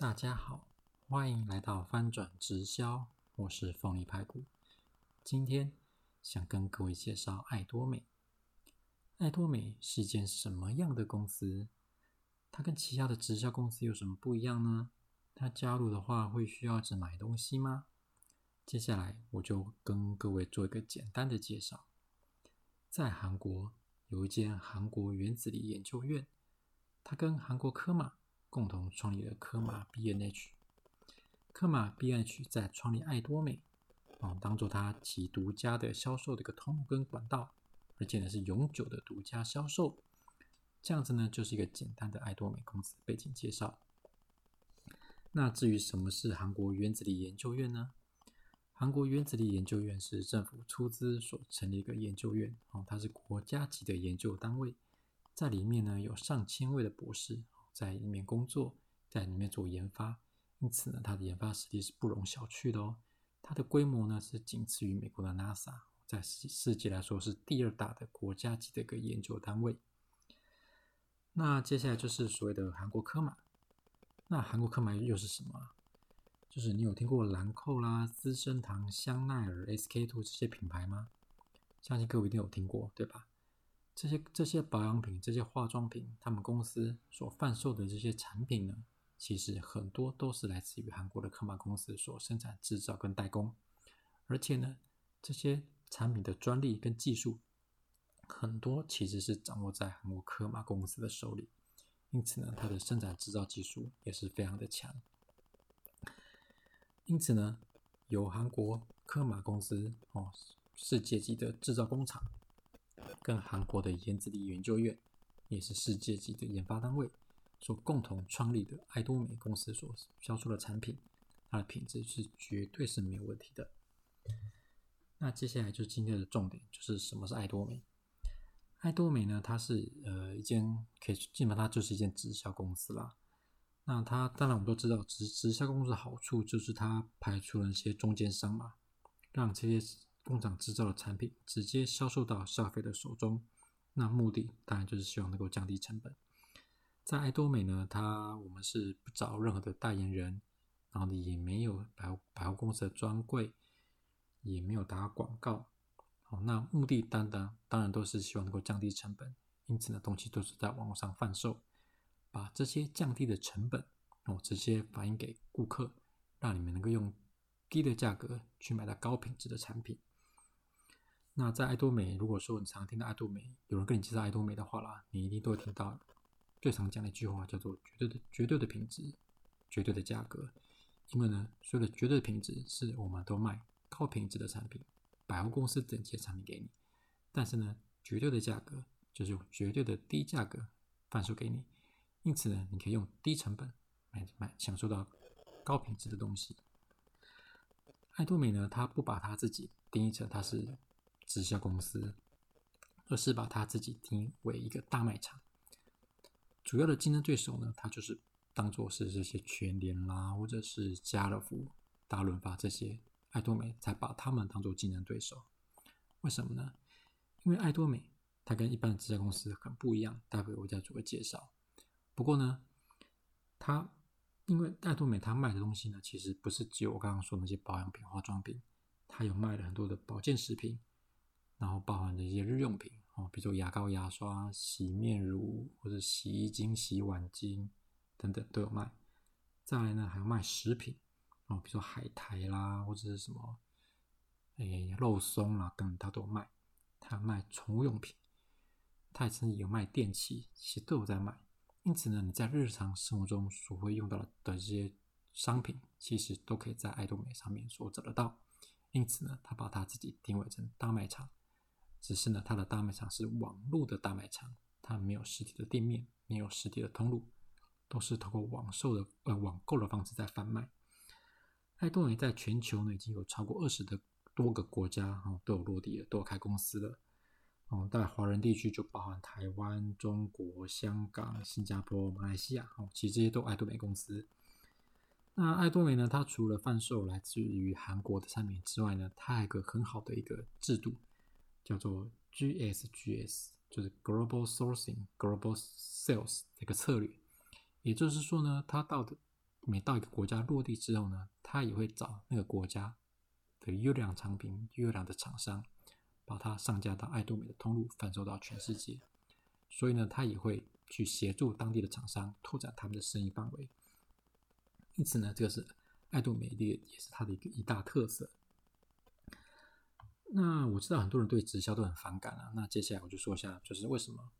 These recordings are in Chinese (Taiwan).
大家好，歡迎來到翻轉直銷，我是鳳梨排骨。今天想跟各位介紹艾多美。艾多美是一間什麼樣的公司？它跟其他的直銷公司有什麼不一樣呢？它加入的話會需要一直買東西嗎？接下來我就跟各位做一個簡單的介紹。在韓國有一間韓國原子力研究院，它跟韓國科瑪。共同創立了科馬 B N H。科馬 B N H 在創立愛多美，哦，當做它其獨家的銷售的一個通路跟管道，而且呢是永久的獨家銷售。這樣子呢，就是一個簡單的愛多美公司背景介紹。那至於什麼是韓國原子力研究院呢？韓國原子力研究院是政府出資所成立一個研究院，哦，它是國家級的研究單位，在裡面呢有上千位的博士。在裡面工作，在裡面做研發，因此呢，它的研發實力是不容小覷的哦。它的規模呢是僅次於美國的 NASA，在世世界來說是第二大的國家級的一個研究單位。那接下來就是所謂的韓國科瑪。那韓國科瑪又是什麼？就是你有聽過蘭蔻啦、資生堂、香奈兒、SK-II 這些品牌嗎？相信各位一定有聽過，對吧？這些這些保養品、這些化妝品，他們公司所販售的這些產品呢，其實很多都是來自於韓國的科馬公司所生產製造跟代工，而且呢，這些產品的專利跟技術很多其實是掌握在韓國科馬公司的手裡，因此呢，它的生產製造技術也是非常的強。因此呢，有韓國科馬公司哦，世界級的制造工廠。跟韓國的原子力研究院，也是世界級的研發單位，所共同創立的艾多美公司所銷售的產品，它的品質是絕對是沒有問題的。那接下來就是今天的重點，就是什麼是艾多美？艾多美呢，它是呃一間可以，基本上它就是一間直銷公司啦。那它當然我們都知道直直銷公司的好處，就是它排除了一些中間商嘛，讓這些。工廠製造的產品直接銷售到消費者手中，那目的當然就是希望能夠降低成本。在愛多美呢，它我們是不找任何的代言人，然後也沒有百百貨公司的專櫃，也沒有打廣告。那目的當然當然都是希望能夠降低成本，因此呢，東西都是在網絡上販售，把這些降低的成本，我、哦、直接反映給顧客，讓你們能夠用低的價格去買到高品質的產品。那在艾多美，如果說你常聽到艾多美，有人跟你介紹艾多美的話啦，你一定都會聽到最常講的一句話，叫做“絕對的絕對的品質，絕對的價格”。因為呢，所謂的絕對的品質是我們都賣高品質的產品，百貨公司整件產品給你；但是呢，絕對的價格就是用絕對的低價格販售給你。因此呢，你可以用低成本買買享受到高品質的東西。艾多美呢，它不把它自己定義成它是。直銷公司，而是把它自己定義為一個大賣場。主要的競爭對手呢，它就是當做是這些全聯啦，或者是家樂福、大潤發這些，愛多美才把他們當做競爭對手。為什麼呢？因為愛多美它跟一般的直銷公司很不一樣，待會我再做個介紹。不過呢，它因為愛多美它賣的東西呢，其實不是只有我剛剛說那些保養品、化妝品，它有賣了很多的保健食品。然後包含的一些日用品哦，比如牙膏、牙刷、洗面乳，或者洗衣精、洗碗精等等都有賣。再來呢，還有賣食品哦，比如說海苔啦，或者是什麼誒、哎、肉鬆啦，等等他都有賣。他有賣寵物用品，他也曾經有賣電器，其實都有在賣。因此呢，你在日常生活中所會用到的這些商品，其實都可以在艾多美上面所找得到。因此呢，他把他自己定位成大賣場。只是呢，它的大賣場是網絡的大賣場，它沒有實體的店面，沒有實體的通路，都是透過網售的，呃，網購的方式在販賣。艾多美在全球呢已經有超過二十的多個國家哦都有落地了，都有開公司了。哦，當然華人地區就包含台灣、中國、香港、新加坡、馬來西亞哦，其實這些都艾多美公司。那艾多美呢，它除了販售來自於韓國的產品之外呢，它還有一個很好的一個制度。叫做 GSGS，GS，就是 Global Sourcing, Global Sales 這個策略。也就是說呢，它到的每到一個國家落地之後呢，它也會找那個國家的優良產品、優良的廠商，把它上架到艾多美的通路，販售到全世界。所以呢，它也會去協助當地的廠商拓展他們的生意範圍。因此呢，這個是艾多美的也是它的一個一大特色。那我知道很多人對直銷都很反感了，啊！那接下來我就說一下，就是為什麼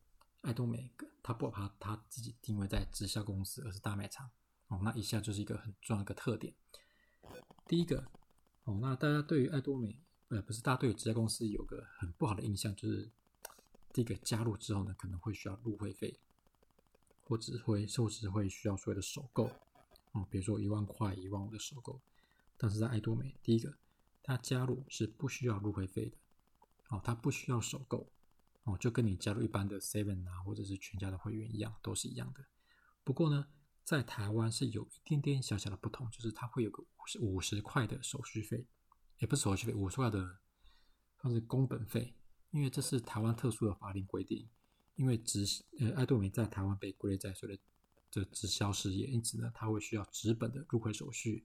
艾多美，它不把它自己定位在直銷公司，而是大賣場。哦，那以下就是一個很重要的一個特點。第一個，哦，那大家對於艾多美，呃，不是大家對於直銷公司有個很不好的印象，就是第一個加入之後呢，可能會需要入會費，或只會，或者是會需要所謂的首購，哦，比如說一萬塊、一萬五的首購，但是在艾多美，第一個。那加入是不需要入會費的，哦，它不需要首購，哦，就跟你加入一般的 Seven 啊，或者是全家的會員一樣，都是一樣的。不過呢，在台灣是有一點點小小的不同，就是它會有個五十五十塊的手續費，也、欸、不是手續費，五十塊的算是工本費，因為這是台灣特殊的法律規定，因為直呃艾多美在台灣被歸類在所謂的這直銷事業，因此呢，它會需要紙本的入會手續。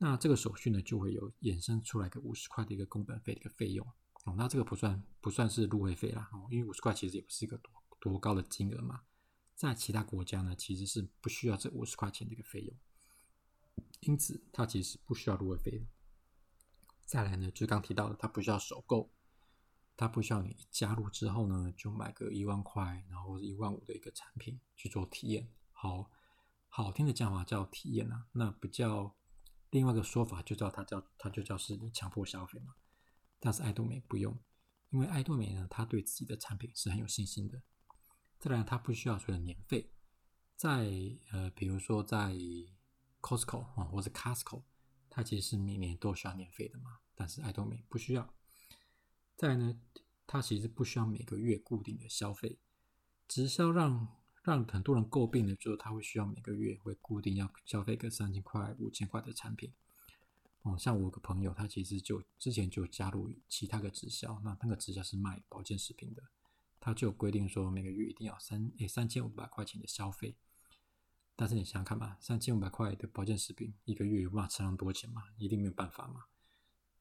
那這個手續呢，就會有衍生出來個五十塊的一個工本費的一個費用。哦，那這個不算不算是入會費啦，哦，因為五十塊其實也不是一個多多高的金額嘛。在其他國家呢，其實是不需要這五十塊錢的一個費用，因此它其實不需要入會費的。再來呢，就剛提到的，它不需要首購，它不需要你加入之後呢，就買個一萬塊，然後一萬五的一個產品去做體驗。好好聽的講話叫體驗啊，那不叫。另外一個說法就叫它叫它就叫是你強迫消費嘛，但是艾多美不用，因為艾多美呢，他對自己的產品是很有信心的。再來，它不需要什麼年費，在呃，比如說在 Costco 啊，或者 Costco，它其實是每年都需要年費的嘛，但是艾多美不需要。再來呢，它其實不需要每個月固定的消費，直銷讓。讓很多人詬病的就是，他會需要每個月會固定要消費個三千塊、五千塊的產品。哦、嗯，像我個朋友，他其實就之前就加入其他的直銷，那那個直銷是賣保健食品的，他就有規定說每個月一定要三誒三千五百塊錢的消費。但是你想想看嘛，三千五百塊的保健食品，一個月有辦法吃上多少錢嘛？一定沒有辦法嘛。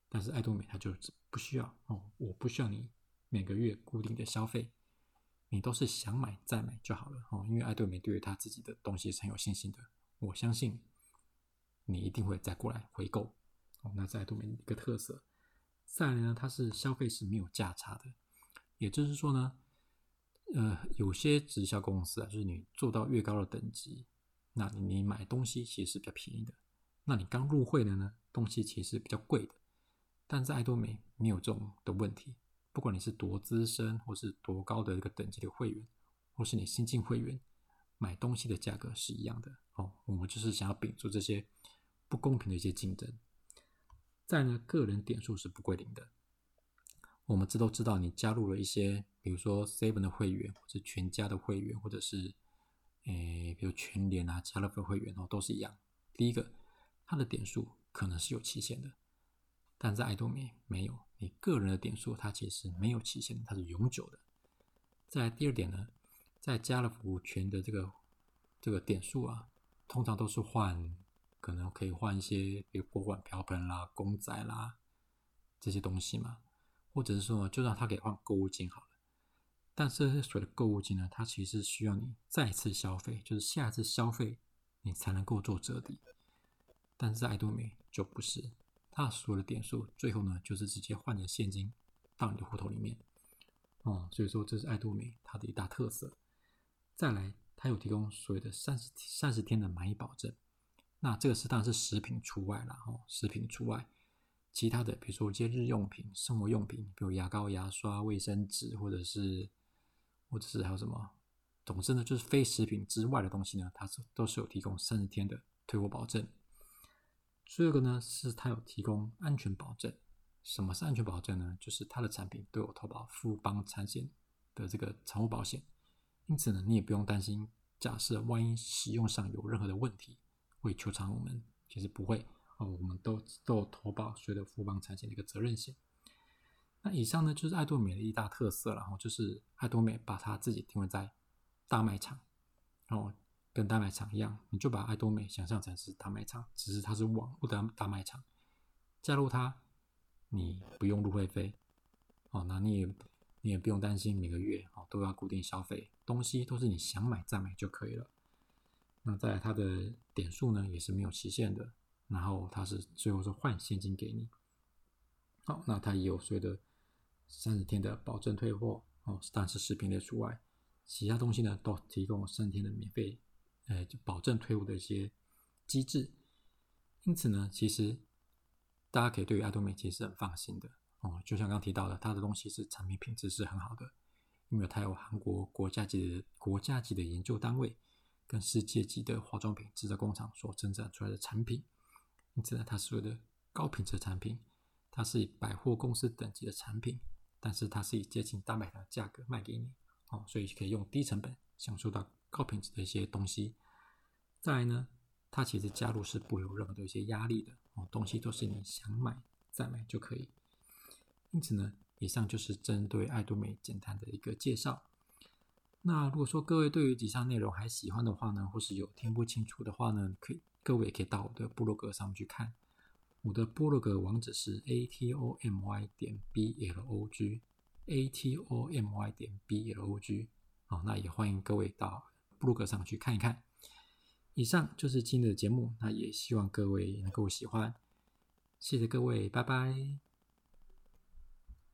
但是艾多美它就不需要哦、嗯，我不需要你每個月固定的消費。你都是想買再買就好了哦，因為艾多美對於他自己的東西是很有信心的。我相信你一定會再過來回購哦。那在艾多美一個特色，再來呢，它是消費是沒有價差的，也就是說呢，呃，有些直銷公司啊，就是你做到越高的等級，那你，你買東西其實是比較便宜的。那你剛入會的呢，東西其實是比較貴的，但是艾多美沒有這種的問題。不管你是多資深，或是多高的一個等級的會員，或是你新進會員，買東西的價格是一樣的哦。我們就是想要摒除這些不公平的一些競爭。在呢，個人點數是不歸零的。我們這都知道，你加入了一些，比如說 Seven 的會員，或者全家的會員，或者是誒、欸，比如全聯啊、家樂福會員哦，都是一樣。第一個，它的點數可能是有期限的，但在艾多美沒有。你個人的點數，它其實沒有期限，它是永久的。再第二點呢，在家樂福、全聯的這個這個點數啊，通常都是換，可能可以換一些，比如鍋碗瓢盆啦、公仔啦這些東西嘛，或者是說就讓它給換購物金好了。但是所謂的購物金呢，它其實需要你再次消費，就是下一次消費你才能夠做折抵。但是艾多美就不是。它所有的點數最後呢，就是直接換成現金到你的戶頭裡面哦、嗯。所以說，這是艾多美它的一大特色。再來，它有提供所謂的三十三十天的滿意保證。那這個是當然是食品除外了哦，食品除外，其他的比如說一些日用品、生活用品，比如牙膏、牙刷、衛生紙，或者是或者是還有什麼，總之呢，就是非食品之外的東西呢，它是都是有提供三十天的退貨保證。最後一個呢，是它有提供安全保證。什麼是安全保證呢？就是它的產品都有投保富邦產險的這個產物保險，因此呢，你也不用擔心。假設萬一使用上有任何的問題，會求償我們其實不會、哦、我們都都有投保所有的富邦產險的一個責任險。那以上呢，就是愛多美的一大特色，然後就是愛多美把它自己定位在大賣場，然、哦、後。跟大賣場一樣，你就把愛多美想象成是大賣場，只是它是網絡的大賣場。加入它，你不用入會費，好，那你也你也不用擔心每個月哦都要固定消費，東西都是你想買再買就可以了。那再來它的點數呢，也是沒有期限的。然後它是最後是換現金給你，好，那它也有所謂的三十天的保證退貨哦，但是食品類除外，其他東西呢都提供三天的免費。呃，就保證退伍的一些機制，因此呢，其實大家可以對於艾多美其實是很放心的哦。就像剛，剛提到的，它的東西是產品品質是很好的，因為它有韓國國家級的國家級的研究單位跟世界級的化妝品製造工廠所生產出來的產品。因此呢，它所有的高品質產品，它是以百貨公司等級的產品，但是它是以接近大賣場的價格賣給你哦，所以可以用低成本享受到高品質的一些東西，再來呢，它其實加入是不會有任何的一些壓力的哦，東西都是你想買再買就可以。因此呢，以上就是針對艾多美簡單的一個介紹。那如果說各位對於以上內容還喜歡的話呢，或是有聽不清楚的話呢，可以各位也可以到我的部落格上去看。我的部落格網址是 a t o m y 點 b l o g a t o m y 點 b l o g。好、哦，那也歡迎各位到。部落格上去看一看。以上就是今天的節目，那也希望各位能夠喜歡，謝謝各位，拜拜。